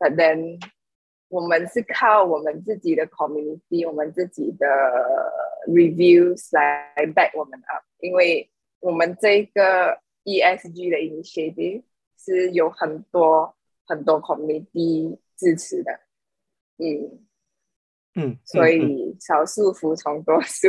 But then，我們是靠我們自己的 community、我們自己的 reviews 來 back 我們 up，因為我們這個 ESG 的 initiative 是有很多很多 community 支持的。嗯，嗯，所以少數服從多數。